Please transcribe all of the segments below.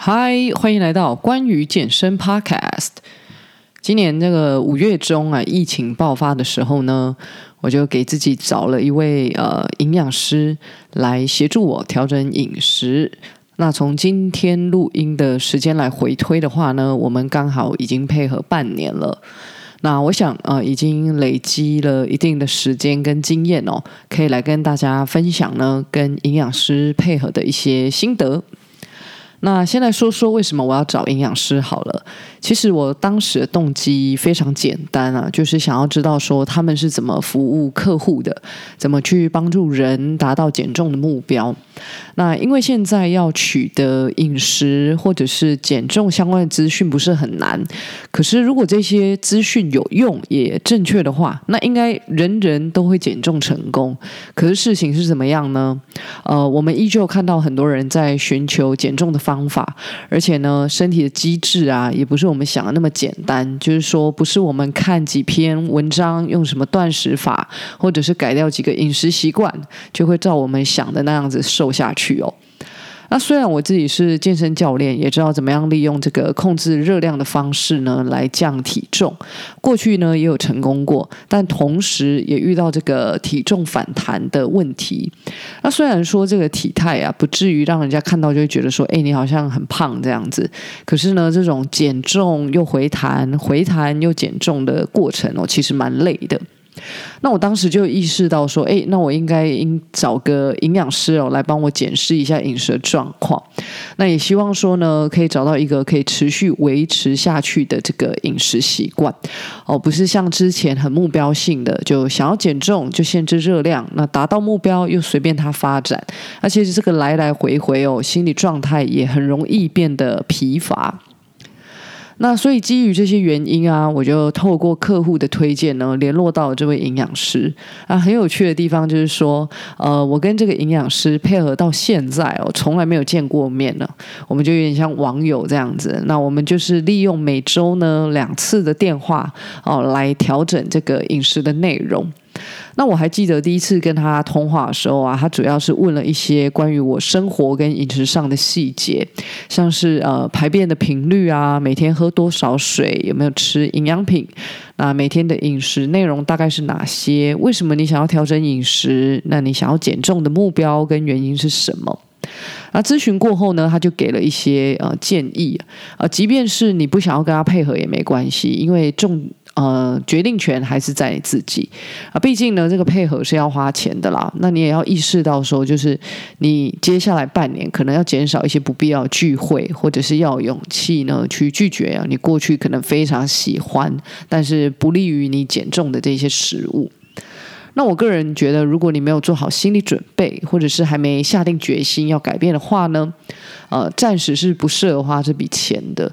嗨，Hi, 歡迎來到關於健身 Podcast。今年這個五月中啊，疫情爆發的時候呢，我就給自己找了一位呃營養師來協助我調整飲食。那從今天錄音的時間來回推的話呢，我們剛好已經配合半年了。那我想啊、呃，已經累積了一定的時間跟經驗哦，可以來跟大家分享呢，跟營養師配合的一些心得。那先來說說為什麼我要找營養師好了。其實我當時的動機非常簡單啊，就是想要知道說他們是怎麼服務客戶的，怎麼去幫助人達到減重的目標。那因為現在要取得飲食或者是減重相關的資訊不是很難，可是如果這些資訊有用也正確的話，那應該人人都會減重成功。可是事情是怎麼樣呢？呃，我們依舊看到很多人在尋求減重的。方法，而且呢，身體的機製啊，也不是我們想的那麼簡單。就是說，不是我們看幾篇文章，用什麼斷食法，或者是改掉幾個飲食習慣，就會照我們想的那樣子瘦下去哦。那雖然我自己是健身教練，也知道怎麼樣利用這個控制熱量的方式呢，來降體重，過去呢也有成功過，但同時也遇到這個體重反彈的問題。那雖然說這個體態啊不至於讓人家看到就會覺得說，哎，你好像很胖這樣子，可是呢，這種減重又回彈，回彈又減重的過程，哦，其實蠻累的。那我當時就意識到說，誒，那我應該應找個營養師哦，來幫我檢視一下飲食的狀況。那也希望說呢，可以找到一個可以持續維持下去的這個飲食習慣哦，不是像之前很目標性的，就想要減重就限制熱量，那達到目標又隨便它發展。那其實這個來來回回哦，心理狀態也很容易變得疲乏。那所以基於這些原因啊，我就透過客戶的推薦呢，聯絡到了這位營養師。那很有趣的地方就是說，呃，我跟這個營養師配合到現在哦，從來沒有見過面呢。我們就有點像網友這樣子。那我們就是利用每周呢兩次的電話哦，來調整這個飲食的內容。那我還記得第一次跟他通話的時候啊，他主要是問了一些關於我生活跟飲食上的細節，像是呃排便的頻率啊，每天喝多少水，有沒有吃營養品，那、啊、每天的飲食內容大概是哪些？為什麼你想要調整飲食？那你想要減重的目標跟原因是什麼？啊，諮詢過後呢，他就給了一些呃建議，呃、啊，即便是你不想要跟他配合也沒關係，因為重。呃，決定權還是在你自己啊，畢竟呢，這個配合是要花錢的啦。那你也要意識到，說就是你接下來半年可能要減少一些不必要聚會，或者是要勇氣呢去拒絕啊，你過去可能非常喜歡，但是不利於你減重的這些食物。那我個人覺得，如果你沒有做好心理準備，或者是還沒下定決心要改變的話呢，呃，暫時是不適合花這筆錢的。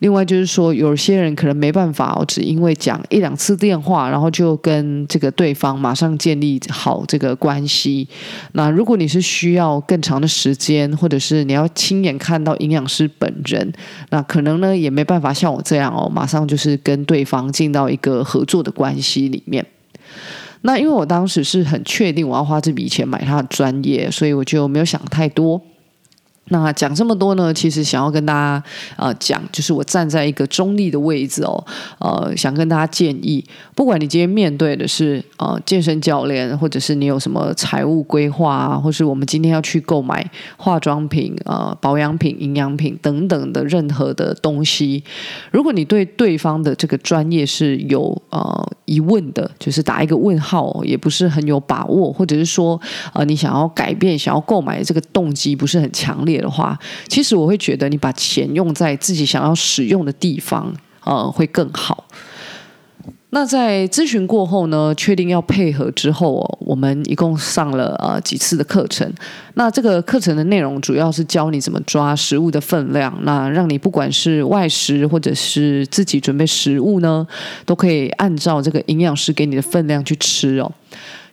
另外就是說，有些人可能沒辦法哦，只因為講一兩次電話，然後就跟這個對方馬上建立好這個關係。那如果你是需要更長的時間，或者是你要親眼看到營養師本人，那可能呢也沒辦法像我這樣哦，馬上就是跟對方進到一個合作的關係裡面。那因為我當時是很確定我要花這筆錢買他的專業，所以我就沒有想太多。那講這麼多呢，其實想要跟大家呃講，就是我站在一個中立的位置哦，呃，想跟大家建議，不管你今天面對的是呃健身教練，或者是你有什麼財務規劃啊，或是我們今天要去購買化妝品，呃保養品，營養品等等的任何的東西，如果你對對方的這個專業是有呃疑問的，就是打一個問號哦，也不是很有把握，或者是說呃你想要改變，想要購買的這個動機不是很強烈。的話，其實我會覺得你把錢用在自己想要使用的地方，呃，會更好。那在諮詢過後呢，確定要配合之後哦，我們一共上了呃幾次的課程。那這個課程的內容主要是教你怎麼抓食物的分量，那讓你不管是外食或者是自己準備食物呢，都可以按照這個營養師給你的分量去吃哦。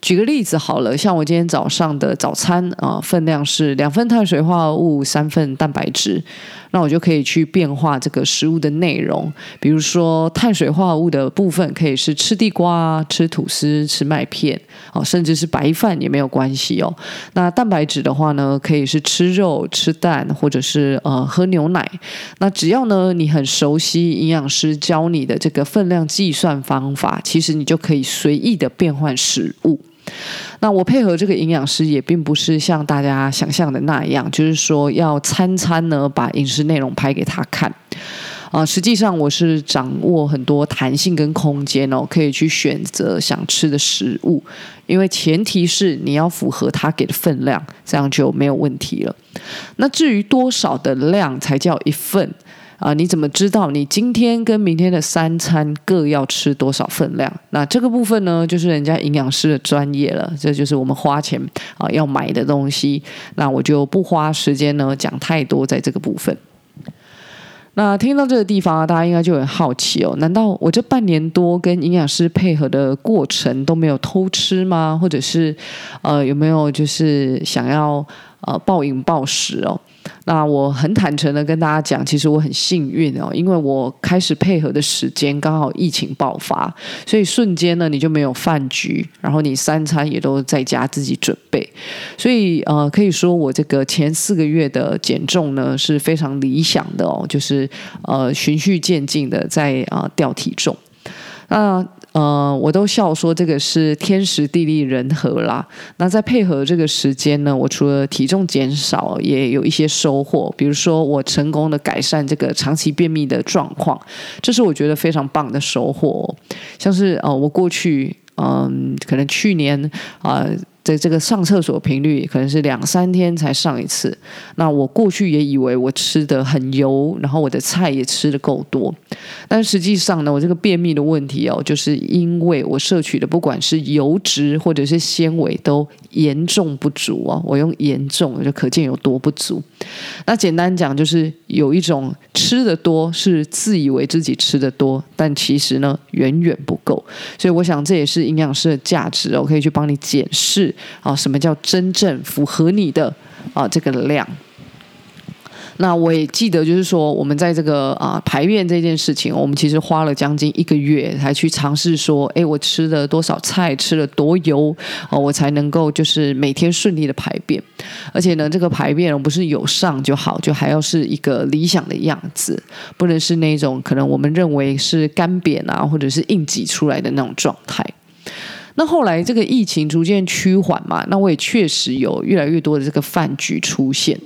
舉個例子好了，像我今天早上的早餐啊、呃，分量是兩份碳水化合物，三份蛋白質。那我就可以去變化這個食物的內容，比如說碳水化合物的部分可以是吃地瓜、吃吐司、吃麥片，哦、呃，甚至是白飯也沒有關係哦。那蛋白質的話呢，可以是吃肉、吃蛋，或者是呃喝牛奶。那只要呢你很熟悉營養師教你的這個分量計算方法，其實你就可以隨意的變換食物。那我配合這個營養師也並不是像大家想象的那樣，就是說要餐餐呢把飲食內容拍給他看啊。實際上我是掌握很多彈性跟空間哦，可以去選擇想吃的食物，因為前提是你要符合他給的分量，這樣就沒有問題了。那至於多少的量才叫一份？啊，你怎麼知道你今天跟明天的三餐各要吃多少份量？那這個部分呢，就是人家營養師的專業了。這就是我們花錢啊要買的東西。那我就不花時間呢講太多在這個部分。那聽到這個地方啊，大家應該就很好奇哦。難道我這半年多跟營養師配合的過程都沒有偷吃嗎？或者是呃有沒有就是想要呃暴飲暴食哦？那我很坦誠的跟大家講，其實我很幸運哦，因為我開始配合的時間剛好疫情爆發，所以瞬間呢你就沒有飯局，然後你三餐也都在家自己準備，所以呃可以說我這個前四個月的減重呢是非常理想的哦，就是呃循序漸進的在啊掉呃體重。那呃，我都笑說這個是天時地利人和啦。那在配合這個時間呢，我除了體重減少，也有一些收穫，比如說我成功的改善這個長期便秘的狀況，這是我覺得非常棒的收穫哦。像是呃，我過去嗯，呃，可能去年啊。呃所以這個上廁所頻率可能是兩三天才上一次。那我過去也以為我吃的很油，然後我的菜也吃的夠多，但實際上呢，我這個便秘的問題哦，就是因為我攝取的不管是油脂或者是纖維都嚴重不足啊、哦。我用嚴重就可見有多不足。那簡單講，就是有一種吃的多是自以為自己吃的多。但其實呢，遠遠不夠，所以我想這也是營養師的價值哦，我可以去幫你檢視啊，什麼叫真正符合你的啊，這個量。那我也記得，就是說，我們在這個啊排便這件事情，我們其實花了將近一個月才去嘗試說，哎，我吃了多少菜，吃了多油，哦，我才能夠就是每天順利的排便。而且呢，這個排便不是有上就好，就還要是一個理想的樣子，不能是那種可能我們認為是乾癟啊，或者是硬擠出來的那種狀態。那後來這個疫情逐漸趨緩嘛，那我也確實有越來越多的這個飯局出現，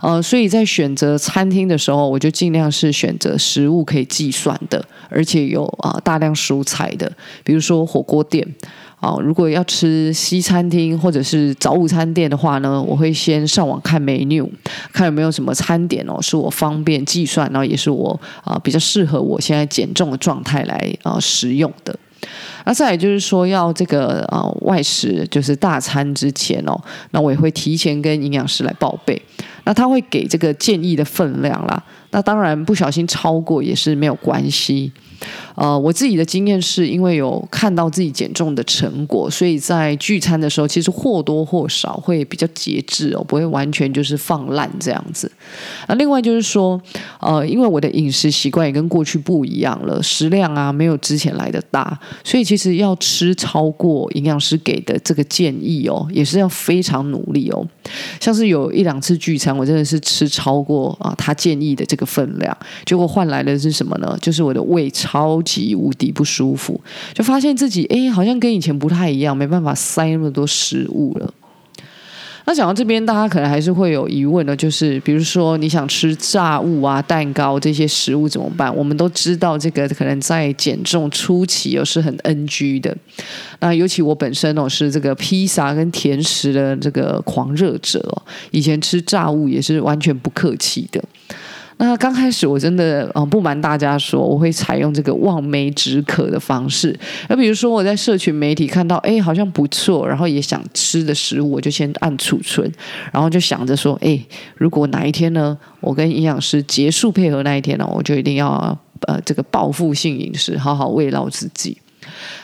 呃，所以在選擇餐廳的時候，我就盡量是選擇食物可以計算的，而且有啊、呃、大量蔬菜的，比如說火鍋店啊、呃。如果要吃西餐廳或者是早午餐店的話呢，我會先上網看 menu，看有沒有什麼餐點哦是我方便計算，然後也是我啊、呃、比較適合我現在減重的狀態來啊、呃、食用的。那再來就是說，要這個呃外食就是大餐之前哦，那我也會提前跟營養師來報備，那他會給這個建議的分量啦。那當然不小心超過也是沒有關係。呃，我自己的經驗是因為有看到自己減重的成果，所以在聚餐的時候，其實或多或少會比較節制哦，不會完全就是放爛這樣子。那、啊、另外就是說，呃，因為我的飲食習慣也跟過去不一樣了，食量啊沒有之前來的大，所以其實要吃超過營養師給的這個建議哦，也是要非常努力哦。像是有一兩次聚餐，我真的是吃超過啊、呃、他建議的這個分量，結果換來的是什麼呢？就是我的胃腸。超級無敵不舒服，就發現自己哎，好像跟以前不太一樣，沒辦法塞那麼多食物了。那講到這邊，大家可能還是會有疑問的，就是比如說你想吃炸物啊、蛋糕這些食物怎麼辦？我們都知道這個可能在減重初期又，哦，是很 NG 的。那尤其我本身哦是這個披薩跟甜食的這個狂熱者，哦，以前吃炸物也是完全不客氣的。那剛開始我真的，呃，不瞞大家說，我會採用這個望梅止渴的方式。那比如說我在社群媒體看到，哎，好像不錯，然後也想吃的食物，我就先按儲存，然後就想着說，哎，如果哪一天呢，我跟營養師結束配合那一天呢，我就一定要，呃，這個報復性飲食，好好慰勞自己。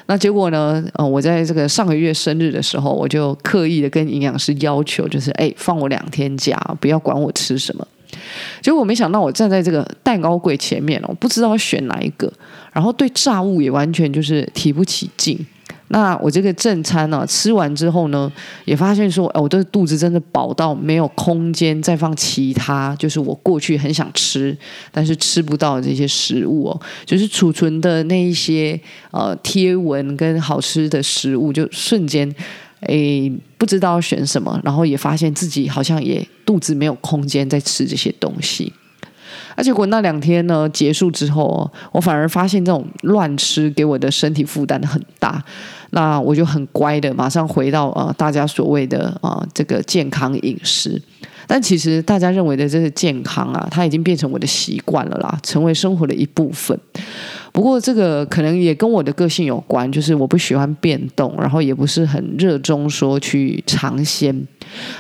那結果呢，呃，我在這個上個月生日的時候，我就刻意的跟營養師要求，就是，哎，放我兩天假，不要管我吃什麼。就我沒想到，我站在這個蛋糕櫃前面哦，我不知道選哪一個，然後對炸物也完全就是提不起勁。那我這個正餐呢，啊，吃完之後呢，也發現說，哎，我的肚子真的飽到沒有空間再放其他，就是我過去很想吃但是吃不到的這些食物哦，就是儲存的那一些呃貼文跟好吃的食物，就瞬間。誒，不知道選什麼，然後也發現自己好像也肚子沒有空間在吃這些東西，而結果那兩天呢結束之後，我反而發現這種亂吃給我的身體負擔很大，那我就很乖的馬上回到啊、呃、大家所謂的啊、呃、這個健康飲食，但其實大家認為的這是健康啊，它已經變成我的習慣了啦，成為生活的一部分。不過這個可能也跟我的個性有關，就是我不喜歡變動，然後也不是很熱衷說去嘗鮮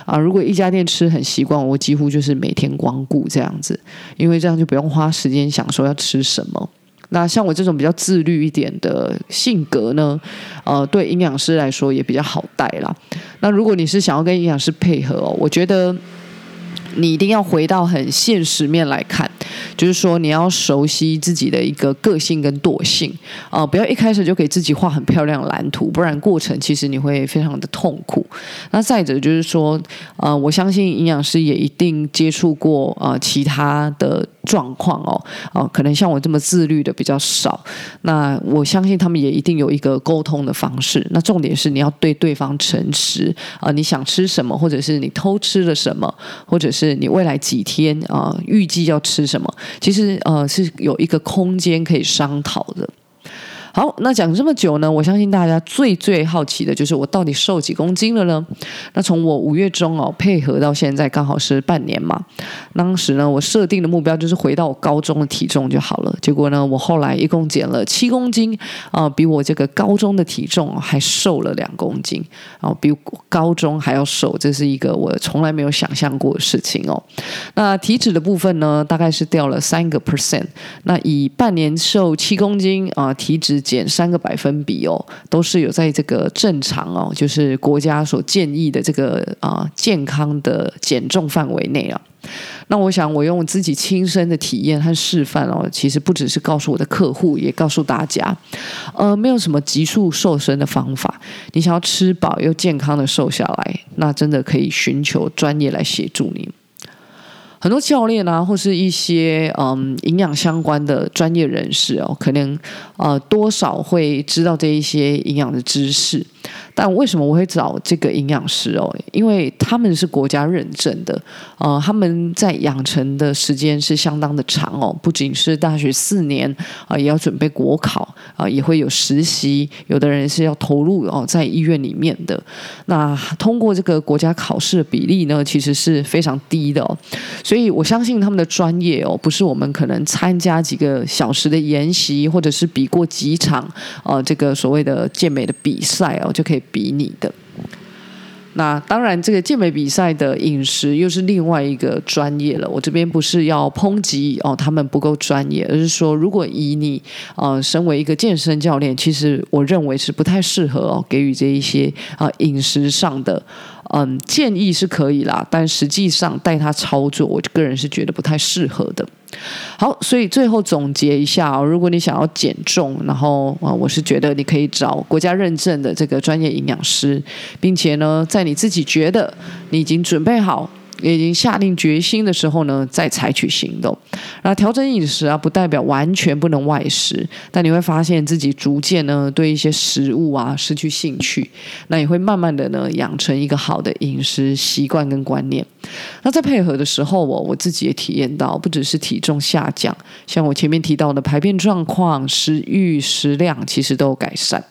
啊，呃，如果一家店吃很習慣，我幾乎就是每天光顧這樣子，因為這樣就不用花時間想說要吃什麼。那像我這種比較自律一點的性格呢，呃，對營養師來說也比較好帶啦。那如果你是想要跟營養師配合哦，我覺得你一定要回到很現實面來看。就是說，你要熟悉自己的一個個性跟惰性啊、呃，不要一開始就給自己畫很漂亮的藍圖，不然過程其實你會非常的痛苦。那再者就是說，呃，我相信營養師也一定接觸過啊、呃、其他的狀況哦，哦、呃，可能像我這麼自律的比較少，那我相信他們也一定有一個溝通的方式。那重點是你要對對方誠實啊、呃，你想吃什麼，或者是你偷吃了什麼，或者是你未來幾天啊、呃、預計要吃什麼。其實，呃，是有一個空間可以商討的。好，那講這麼久呢，我相信大家最最好奇的就是我到底瘦幾公斤了呢？那從我五月中哦配合到現在，剛好是半年嘛。當時呢，我設定的目標就是回到我高中的體重就好了。結果呢，我後來一共減了七公斤啊、呃，比我這個高中的體重，哦、還瘦了兩公斤啊、哦，比高中還要瘦，這是一個我從來沒有想象過的事情哦。那體脂的部分呢，大概是掉了三個 percent。那以半年瘦七公斤啊、呃，體脂。減三個百分比哦，都是有在這個正常哦，就是國家所建議的這個啊，呃，健康的減重範圍內啊，哦。那我想，我用我自己親身的體驗和示範哦，其實不只是告訴我的客戶，也告訴大家，呃，沒有什麼急速瘦身的方法。你想要吃飽又健康的瘦下來，那真的可以尋求專業來協助你。很多教練啊，或是一些嗯，營養相關的專業人士哦，可能呃，多少會知道這一些營養的知識。但為什麼我會找這個營養師哦？因為他們是國家認證的，呃，他們在養成的時間是相當的長哦。不僅是大學四年啊，呃，也要準備國考啊，呃，也會有實習。有的人是要投入哦，呃，在醫院裡面的。那通過這個國家考試的比例呢，其實是非常低的哦。所以我相信他們的專業哦，不是我們可能參加幾個小時的研習，或者是比過幾場呃，這個所謂的健美的比賽哦。就可以比擬的。那當然，這個健美比賽的飲食又是另外一個專業了。我這邊不是要抨擊哦，他們不夠專業，而是說，如果以你啊、呃、身為一個健身教練，其實我認為是不太適合哦給予這一些啊、呃、飲食上的嗯建議是可以啦，但實際上帶他操作，我個人是覺得不太適合的。好，所以最後總結一下哦，如果你想要減重，然後啊，我是覺得你可以找國家認證的這個專業營養師，並且呢，在你自己覺得你已經準備好。也已經下定決心的時候呢，再採取行動。那調整飲食啊，不代表完全不能外食，但你會發現自己逐漸呢，對一些食物啊失去興趣，那也會慢慢的呢，養成一個好的飲食習慣跟觀念。那在配合的時候哦，我自己也體驗到，不只是體重下降，像我前面提到的排便狀況、食慾、食量其實都有改善。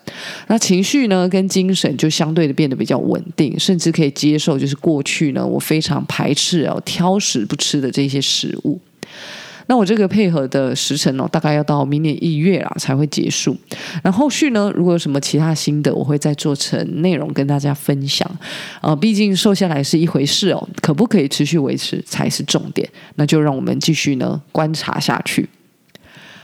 那情緒呢，跟精神就相對的變得比較穩定，甚至可以接受，就是過去呢，我非常排。排斥哦，挑食、不吃的這些食物，那我這個配合的時程哦，大概要到明年一月啊才會結束。那後續呢，如果有什麼其他新的，我會再做成內容跟大家分享。呃，畢竟瘦下來是一回事哦，可不可以持續維持才是重點。那就讓我們繼續呢，觀察下去。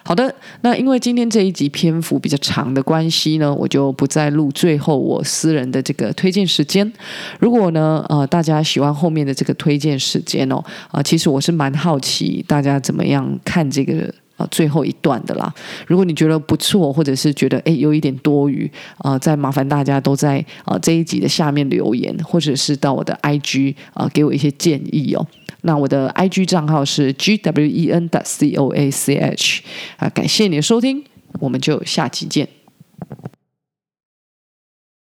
好的，那因為今天這一集篇幅比較長的關係呢，我就不再錄最後我私人的這個推薦時間。如果呢，呃，大家喜歡後面的這個推薦時間哦，啊、呃，其實我是蠻好奇大家怎麼樣看這個啊、呃、最後一段的啦。如果你覺得不錯，或者是覺得哎有一點多餘啊、呃，再麻煩大家都在啊、呃、這一集的下面留言，或者是到我的 IG 啊、呃、給我一些建議哦。那，我的 I G 賬號是 gwen.coach 啊，感謝你的收聽，我們就下集見。